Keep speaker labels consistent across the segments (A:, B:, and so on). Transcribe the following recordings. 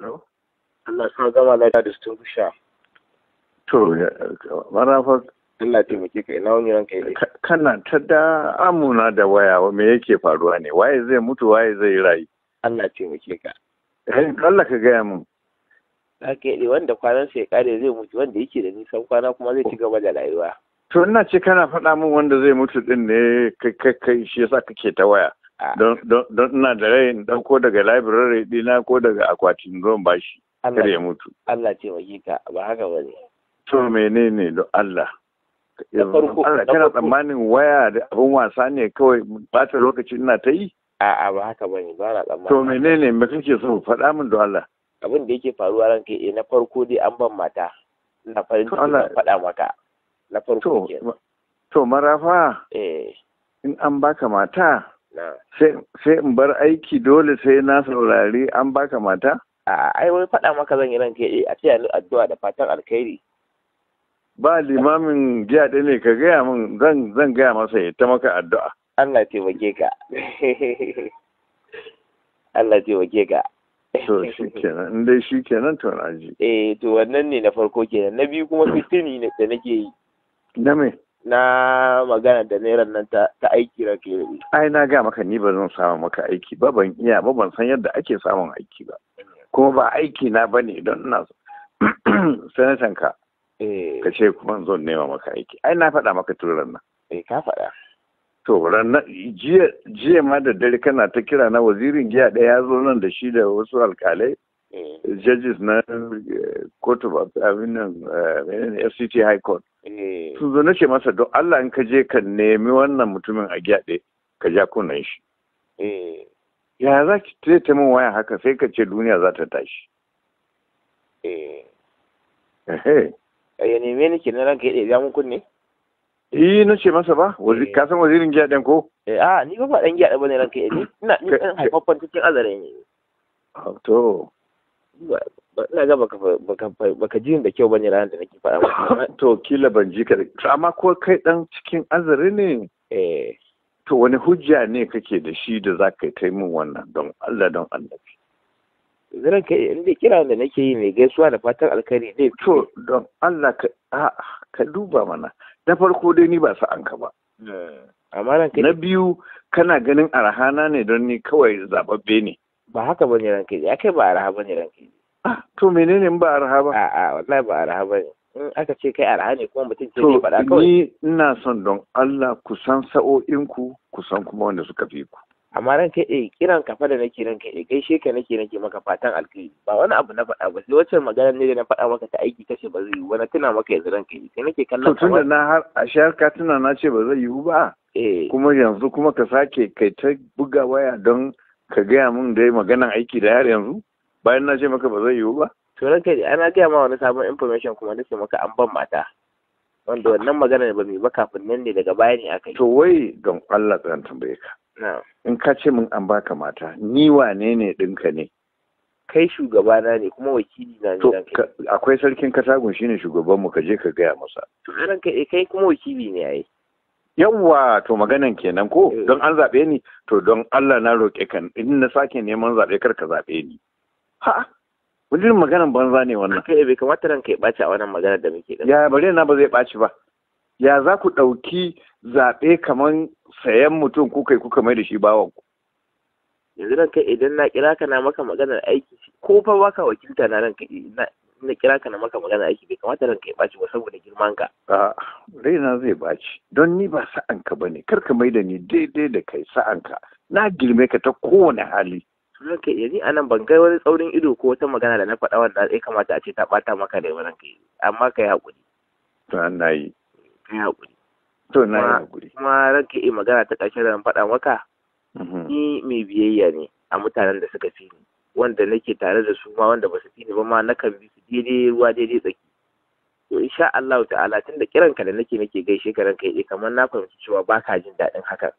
A: Hello?
B: Allah gama lafiya da sun To, Allah ka ranka yi. Kana ta da
A: amuna da waya me yake faruwa ne? Waye zai mutu waye zai rayu? Allah taimake ka. Allah ka gaya mun.
B: Ake ne wanda kwanan sai kare zai mutu wanda yake da nisan kwana kuma zai ci gaba da rayuwa.
A: To ina ce kana faɗa min wanda zai mutu ɗin ne kai shi yasa kake ta waya. don ina da rai in dauko daga library dina ko daga akwatin ruwan bashi
B: kar ya mutu Allah ce wakika ba haka ba
A: ne to menene don Allah Allah kana tsammanin waya da abin wasa ne kawai
B: bata lokaci ina ta yi a'a ba haka ba ne ba na tsammanin to
A: menene me kake so faɗa min don Allah
B: abin da yake faruwa ranka eh na farko dai an ban mata ina farin ciki na faɗa maka
A: na farko kenan to marafa eh in an baka mata sai in bar aiki dole sai na saurari an baka mata
B: a ai wai faɗa maka zan yi nan ke a ce addu'a da fatan alkhairi ba
A: limamin jiya ɗaya ne ka gaya min zan zan gaya masa ya ta maka addu'a Allah taimake ka Allah taimake ka to shi kenan in dai shi kenan to na ji
B: eh to wannan ne na farko kenan na biyu kuma fitini da nake yi na me na magana da naira nan ta, aiki da ke
A: Ai na ga maka ni ba zan samu maka aiki ba ban iya ba ban san yadda ake samun aiki ba. Kuma ba aiki na ba ne don ina sanatan ka. Eh. Ka ce kuma zan nema maka aiki. Ai na faɗa maka turan nan. Eh ka faɗa. To ran jiya ma da dare kana ta kira na wazirin giya ɗaya ya zo nan da shi da wasu alkalai eh. Judges na eh, Court of Appeal, FCT High Court. Eh. su zo ce masa don Allah in ka je ka nemi wannan mutumin a gyaɗe ka ja kunan shi eh. ya za ki ta min waya haka sai ka ce duniya za ta tashi
B: eh. ya neme ni ke na ranka ya ɗaya mun kunne
A: Eh na ce masa ba, ka
B: san wazirin gyaɗen ko? Eh a ni ba ɗan gyaɗe ba ne ranka ya ɗaya, ina ni ɗan cikin azare ne. Ah, to. ina ga baka baka ji da kyau bane ranar da nake faɗa maka to kila
A: ban ji ka to amma ko kai dan cikin azare ne eh to wani hujja ne kake da shi da za ka yi min wannan don Allah don annabi
B: zan kai ne kira da nake yi mai gaisuwa da fatan alkhairi ne to don Allah ka ka duba mana na farko dai ni ba sa'an ka ba eh, na biyu
A: kana ganin arhana ne don ni kawai zababbe ne
B: ba haka bane ranka ya kai ba araha bane ranka to menene ba arha ba a'a wallahi ba arha ba in aka ce kai arha ne kuma mutum ce ne faɗa kawai ni
A: ina son don Allah ku san sa'o'in ku ku san kuma wanda
B: suka fi ku amma ran kai eh kiran kafa da nake ran kai eh gaishe ka nake nake maka fatan alkhairi ba wani abu na faɗa ba sai wacce magana ne da na faɗa maka ta aiki kace ba zai yi wani tuna maka yanzu ran kai sai nake kallon to tunda na
A: har a shayar ka tuna na ce ba zai yiwu ba eh. kuma yanzu kuma ka sake kai ta buga waya don ka gaya min dai maganan aiki da yar yanzu bayan na ce
B: maka ba zai yiwu ba to ranka ana gaya ma wani sabon information kuma nake maka an ban mata wanda wannan magana ne ba mu ba kafin nan ne daga baya ne aka yi to wai don Allah zan tambaye ka
A: in ka ce min an baka mata ni wane ne ɗinka ne
B: kai shugabana ne kuma wakili na ne
A: akwai sarkin katagun shine shugabanmu ka je ka gaya masa
B: to ranka eh, kai kuma wakili ne yayi
A: yawwa to maganan kenan ko eh. don an zaɓe ni to don Allah na roƙe kan in na sake neman zaɓe kar ka zaɓe ni Wajen maganan banza ne wannan. Kai bai kamata nan kai ɓaci a wannan maganar da muke da. Ya bare na ba zai ɓaci ba. Ya za ku ɗauki zaɓe kaman sayan mutum ku kuka mai da shi bawan ku.
B: Yanzu nan kai idan na kira ka na maka maganar aiki ko fa baka wakilta na nan kai na kira ka na maka magana aiki bai kamata ranka kai ɓaci ba saboda girman ka.
A: na zai ɓaci don ni ba sa'anka ba ne kar ka mai da ni daidai da kai
B: sa'anka na girme ka ta kowane hali ranka yanzu a nan ban kai wani tsaurin ido ko wata magana da na faɗa wanda ya kamata a ce ta ɓata maka da ranka yi amma ka yi haƙuri to na yi haƙuri to na yi haƙuri kuma ranka magana ta ƙarshe da faɗa maka mhm. ni mai biyayya ne a mutanen da suka fi ni wanda nake tare da su ma wanda ba su fi ni ba ma nakan bi su daidai ruwa daidai tsaki to insha Allah ta'ala tunda kiranka da nake nake gaishe ka ranka yi kamar na fahimci cewa ka jin daɗin hakan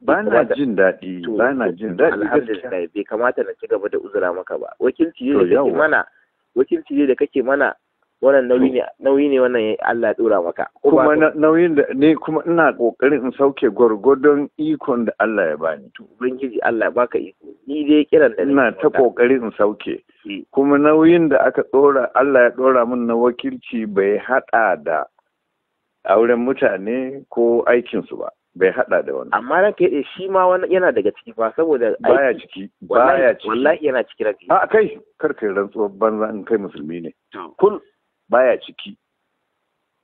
B: ba na jin daɗi ba na jin daɗi alhamdulillah bai kamata na ci gaba da uzura maka ba wakilci ne da kake mana wakilci ne da kake mana wannan nauyi ne nauyi ne wannan Allah ya dora maka kuma
A: nauyin da ne kuma ina kokarin in sauke gwargwadon ikon da Allah ya bani to ubangiji Allah baka iko ni dai kiran da ina ta kokarin in sauke e. kuma nauyin da aka dora Allah ya dora min na wakilci bai hada da auren mutane ko aikinsu ba bai hada da wani amma
B: ranka ya shi ma wani yana daga ciki ba saboda baya
A: ciki baya ciki wallahi
B: yana ciki rafi a kai
A: kar kai rantsuwar banza in kai musulmi ne kul baya ciki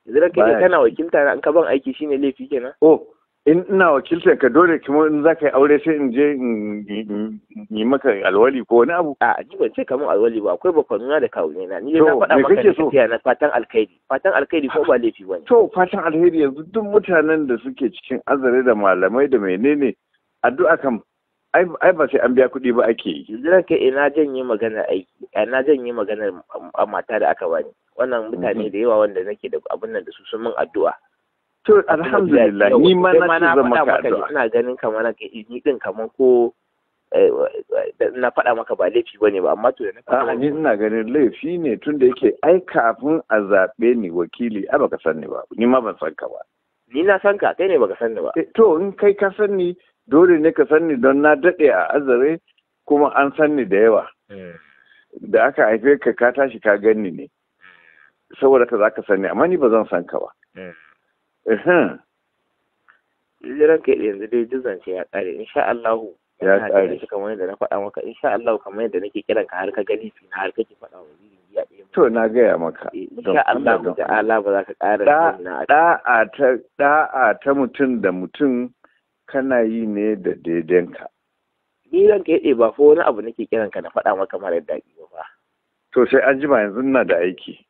A: yanzu ranka kana wakilta an ka ban aiki shine laifi kenan oh in ina wakiltar ka dole kuma in za ka yi aure sai in je in
B: yi maka alwali ko wani abu a ji ban ce kamar alwali ba akwai bakwanuna da ne na ni na faɗa maka da tafiya na fatan alkhairi fatan alkhairi ko ba laifi ba ne?
A: to fatan alkhairi yanzu duk mutanen da suke cikin azare da malamai da menene
B: addu'a kam ai ba sai an biya kuɗi ba ake yi. Yanzu kai ina eh, janye magana aiki, ina janye maganar eh, ah, mata da aka bani. Wannan mutane mhm. da yawa wanda nake da abin nan da su sun min addu'a. To alhamdulillah ni ma na zama ka addu'a. Ina ganin kamar eh, ni din kamar ko eh, eh, na faɗa maka ba laifi bane ba amma to da na ni
A: ina ganin laifi ne tunda yake ai kafin a zaɓe ni wakili ai baka san ni ba ni ma ban san ka ba
B: ni na san ka kai ne baka san ni ba to in kai ka san ni dole ne
A: ka san ni don na daɗe a azare kuma an san ni da yawa hmm. da aka haife ka ka tashi ka ganni ne hmm. saboda ka za ka san ni amma ni ba zan san ka ba
B: hmm. jiran kai yanzu dai duk zance ya kare insha Allahu
A: ya kare shi
B: kamar yadda na faɗa maka insha Allahu kamar yadda nake kiran ka har ka gani fi har ka ki faɗa wa
A: jiya to na gaya maka eh, insha Allahu ta'ala
B: ba za ka ƙara
A: da'a ta da'a ta mutum da mutum kana yi ne da daidanka
B: ni ran ka yade ba fa wani abu nake kiran ka na faɗa maka mara daɗi ba
A: to sai an jima yanzu ina da aiki